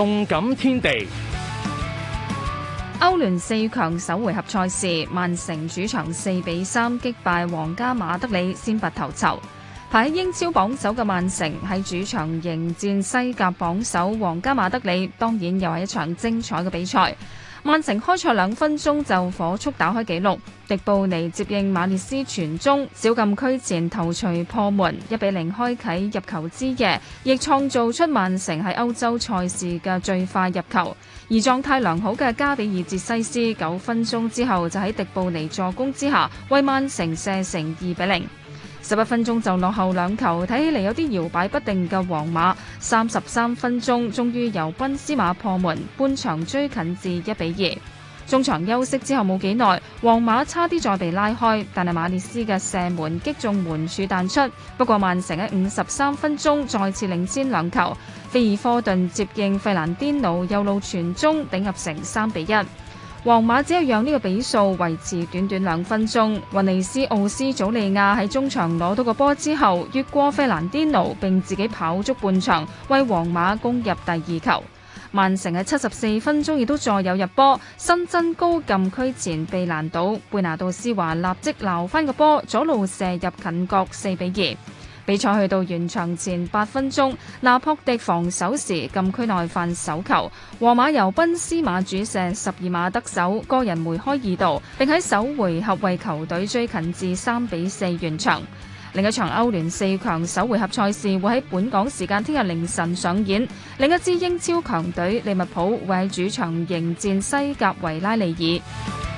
動感天地，歐聯四強首回合賽事，曼城主場四比三擊敗皇家馬德里，先拔頭籌。排喺英超榜首嘅曼城喺主場迎戰西甲榜首皇家馬德里，當然又係一場精彩嘅比賽。曼城開賽兩分鐘就火速打開紀錄，迪布尼接應馬列斯傳中，小禁區前頭槌破門，一比零開啟入球之夜，亦創造出曼城喺歐洲賽事嘅最快入球。而狀態良好嘅加比爾捷西斯九分鐘之後就喺迪布尼助攻之下，為曼城射成二比零。十一分鐘就落後兩球，睇起嚟有啲搖擺不定嘅皇馬。三十三分鐘，終於由賓斯馬破門，半場追近至一比二。中場休息之後冇幾耐，皇馬差啲再被拉開，但係馬列斯嘅射門擊中門柱彈出。不過曼城喺五十三分鐘再次領先兩球，菲爾科頓接應費蘭甸奴右路傳中，頂入成三比一。皇馬只係讓呢個比數維持短短兩分鐘，雲尼斯奧斯祖利亞喺中場攞到個波之後，越過菲蘭迪奴，並自己跑足半場，為皇馬攻入第二球。曼城喺七十四分鐘亦都再有入波，新增高禁區前被攔倒，貝拿度施華立即撈翻個波，左路射入近角，四比二。比賽去到完場前八分鐘，拿朴迪防守時禁區內犯手球，皇馬由賓斯馬主射十二碼得手，個人梅開二度，並喺首回合為球隊追近至三比四完場。另一場歐聯四強首回合賽事會喺本港時間聽日凌晨上演，另一支英超強隊利物浦會喺主場迎戰西甲維拉利爾。